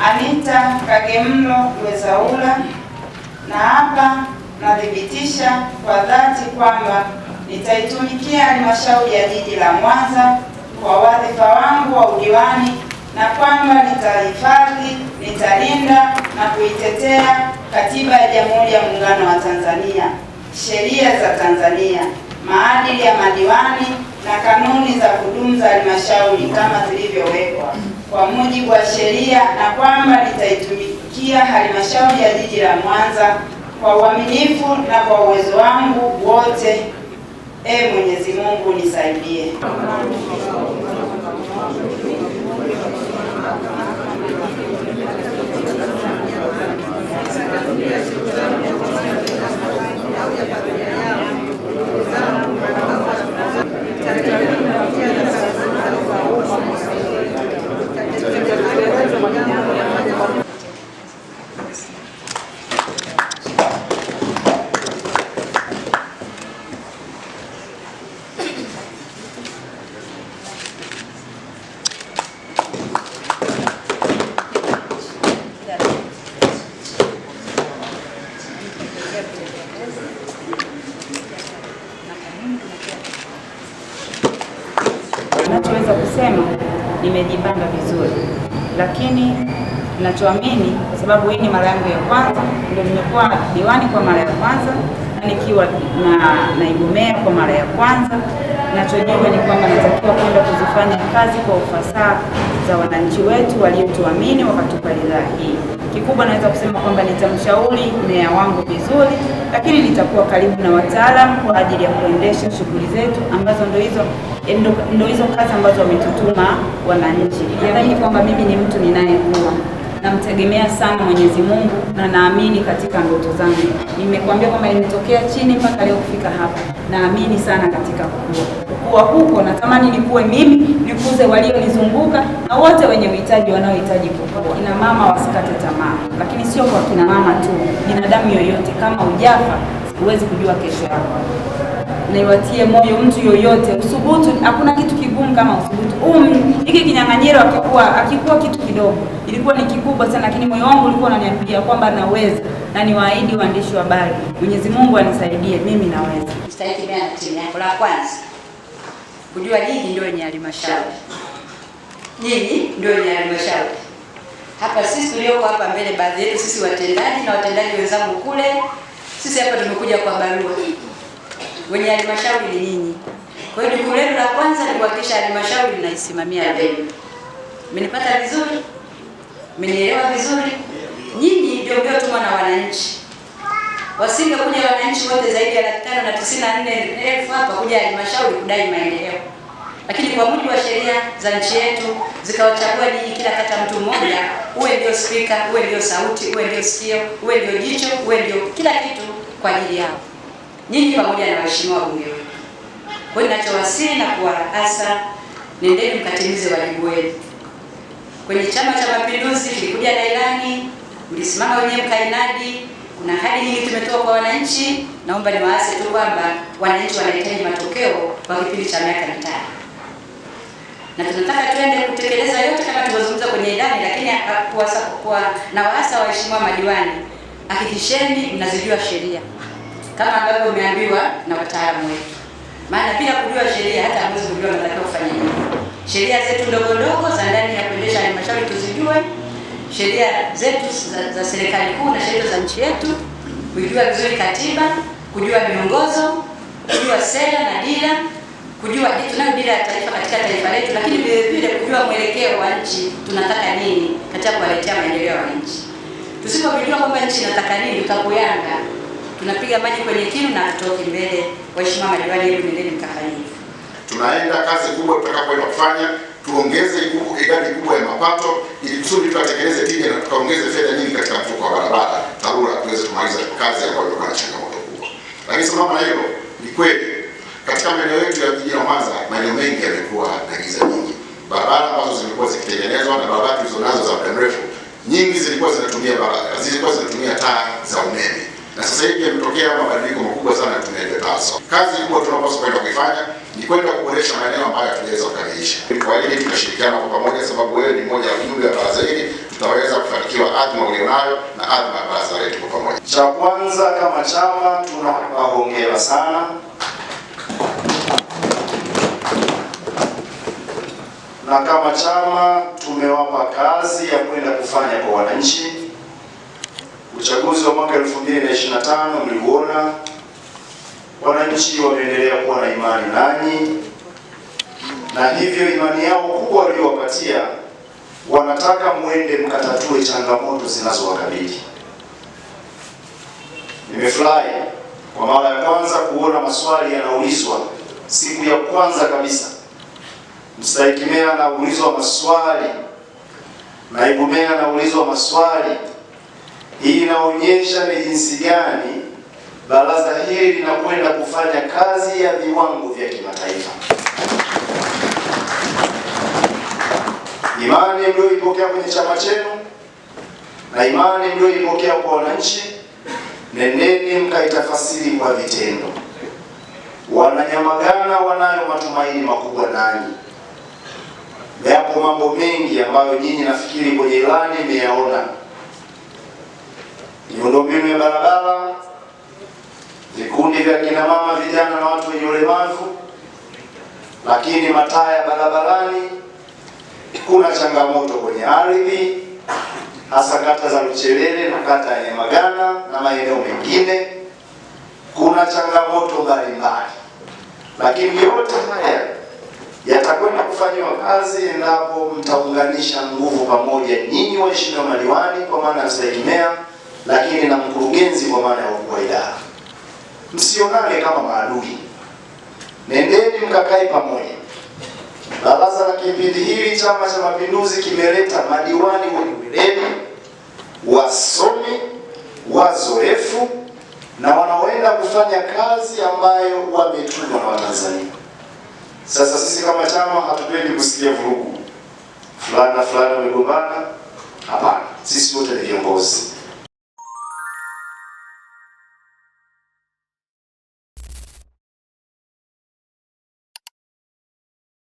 Anita Kagemlo wezaula na hapa nathibitisha kwa dhati kwamba nitaitumikia halmashauri ya jiji la Mwanza kwa wadhifa wangu wa udiwani na kwamba nitahifadhi, nitalinda na kuitetea Katiba ya Jamhuri ya Muungano wa Tanzania, sheria za Tanzania, maadili ya madiwani na kanuni za kudumu za halmashauri kama zilivyowekwa kwa mujibu wa sheria na kwamba nitaitumikia halmashauri ya jiji la Mwanza kwa uaminifu na kwa uwezo wangu wote. E Mwenyezi Mungu nisaidie. nilivyosema, nimejipanga vizuri, lakini nachoamini kwa sababu hii ni mara yangu ya kwanza, ndio nimekuwa diwani kwa mara ya kwanza na nikiwa na naibu meya kwa mara ya kwanza Nachojua ni kwamba natakiwa kwenda kuzifanya kazi kwa ufasaha za wananchi wetu waliotuamini wakatupa ridhaa hii. Kikubwa naweza kusema kwamba nitamshauri meya wangu vizuri, lakini nitakuwa karibu na wataalamu kwa ajili ya kuendesha shughuli zetu ambazo ndo hizo ndo hizo kazi ambazo wametutuma wananchi. Nadhani kwamba mimi ni mtu ninayekuwa namtegemea sana Mwenyezi Mungu na naamini katika ndoto zangu. Nimekuambia kwamba nimetokea chini mpaka leo kufika hapa, naamini sana katika kukua. Kukua huko natamani nikuwe mimi, nikuze walionizunguka na wote wenye uhitaji wanaohitaji kukua. Kina mama wasikate tamaa, lakini sio kwa kina mama tu, binadamu yoyote. Kama ujafa, huwezi kujua kesho yako. Naiwatie moyo mtu yoyote, usubutu. Hakuna kitu kigumu kama usubutu. Um, hiki um, kinyang'anyiro akikuwa akikuwa kitu kidogo ilikuwa ni kikubwa sana, lakini moyo wangu ulikuwa unaniambia kwamba naweza, na niwaahidi waandishi wa habari, Mwenyezi Mungu anisaidie, mimi naweza. Mstahiki na timu yako, la kwanza kujua jiji ndio yenye halmashauri, jiji ndio yenye halmashauri. Hapa sisi tulioko hapa mbele, baadhi yetu sisi watendaji na watendaji wenzangu kule, sisi hapa tumekuja kwa barua, wenye halmashauri ni nyinyi. Kwa hiyo jukumu letu la kwanza ni kuhakikisha halmashauri linaisimamia vyema. Mmenipata vizuri? Mmenielewa vizuri? Nyinyi ndio mliotumwa na wananchi. Wasingekuja wananchi wote zaidi ya laki tano na tisini na nne elfu hapa kuja halmashauri kudai maendeleo, lakini kwa mujibu wa sheria za nchi yetu zikawachagua ninyi, kila kata mtu mmoja, uwe ndio spika, uwe ndio sauti, uwe ndio sikio, uwe ndio jicho, uwe ndio kila kitu kwa ajili yao nyinyi, pamoja na waheshimiwa wabunge wetu. Kwa hiyo ninachowasii na kuwaasa, nendeni mkatimize wajibu wenu kwenye Chama cha Mapinduzi kilikuja na ilani, mlisimama wenye mkainadi. Kuna hadi nyingi tumetoa kwa wananchi. Naomba niwaase tu kwamba wananchi wanahitaji matokeo kwa kipindi cha miaka mitano, na tunataka tuende kutekeleza yote kama tulivyozungumza kwenye ilani, lakini kwa na waasa waheshimiwa madiwani, hakikisheni mnazijua sheria kama ambavyo umeambiwa na wataalamu wetu, maana bila kujua sheria hata hamwezi kujua mnatakiwa kufanya nini sheria zetu ndogo ndogo za ndani ya kuendesha halmashauri tuzijue, sheria zetu za, za serikali kuu na sheria za nchi yetu, kujua vizuri katiba, kujua miongozo, kujua sera na dira, kujua tunayo dira ya taifa katika taifa letu, lakini vile vile kujua mwelekeo wa nchi, tunataka nini katika kuwaletea maendeleo ya nchi. Tusipojua kwamba nchi inataka nini, tutakuyanga tunapiga maji kwenye kinu na hatutoki mbele. Waheshimiwa madiwani, ili endeni mkafanyia tunaenda kazi kubwa tutakapoenda kufanya, tuongeze idadi kubwa ya mapato ili kusudi tukatekeleze tija na tukaongeze fedha nyingi katika mfuko wa barabara TARURA tuweze kumaliza kazi ambayo imekuwa na changamoto kubwa. Lakini sambamba na hilo, ni kweli katika maeneo yetu ya jiji la Mwanza, maeneo mengi yamekuwa na giza nyingi. Barabara ambazo zilikuwa zikitengenezwa na barabara tulizonazo za muda mrefu, nyingi zilikuwa zinatumia barabara, zilikuwa zinatumia taa za umeme na sasa hivi yametokea mabadiliko makubwa sana, tunayopaswa kazi kubwa tunapaswa kwenda kuifanya ni kwenda kuboresha maeneo ambayo hatujaweza kukamilisha. Kwaili tunashirikiana kwa pamoja, sababu wewe ni mmoja wa wajumbe wa baraza hili, tutaweza kufanikiwa adhma ulionayo na adhma ya baraza letu kwa pamoja. Cha kwanza kama chama tunawahongera sana na kama chama tumewapa kazi ya kwenda kufanya kwa wananchi Uchaguzi wa mwaka 2025 mliuona, wananchi wameendelea kuwa na imani nanyi, na hivyo imani yao kubwa waliowapatia, wanataka mwende mkatatue changamoto zinazowakabili. Nimefurahi kwa mara ya kwanza kuona maswali yanaulizwa siku ya kwanza kabisa. Mstahiki meya anaulizwa maswali, naibu meya anaulizwa maswali hii inaonyesha ni jinsi gani baraza hili linakwenda kufanya kazi ya viwango vya kimataifa. Imani mlioipokea kwenye chama chenu na imani mlioipokea kwa wananchi, nendeni mkaitafasiri kwa vitendo. Wananyamagana wanayo matumaini makubwa nanyi. Yapo mambo mengi ambayo nyinyi nafikiri kwenye ilani imeyaona miundombinu ya barabara, vikundi vya kina mama, vijana na watu wenye ulemavu, lakini mataa ya barabarani. Kuna changamoto kwenye ardhi, hasa kata za Luchelele na kata ya Nyamagana na maeneo mengine, kuna changamoto mbalimbali, lakini yote haya yatakwenda kufanyiwa kazi endapo mtaunganisha nguvu pamoja, nyinyi waheshimiwa madiwani, kwa maana ya meya lakini na mkurugenzi kwa maana ya ukuu wa idara. Msionane kama maadui, nendeni mkakae pamoja. Baraza la kipindi hili Chama cha Mapinduzi kimeleta madiwani wenye weledi, wasomi, wazoefu na wanaoenda kufanya kazi ambayo wametumwa na Watanzania. Sasa sisi kama chama hatupendi kusikia vurugu fulani na fulani wamegombana. Hapana, sisi wote ni viongozi.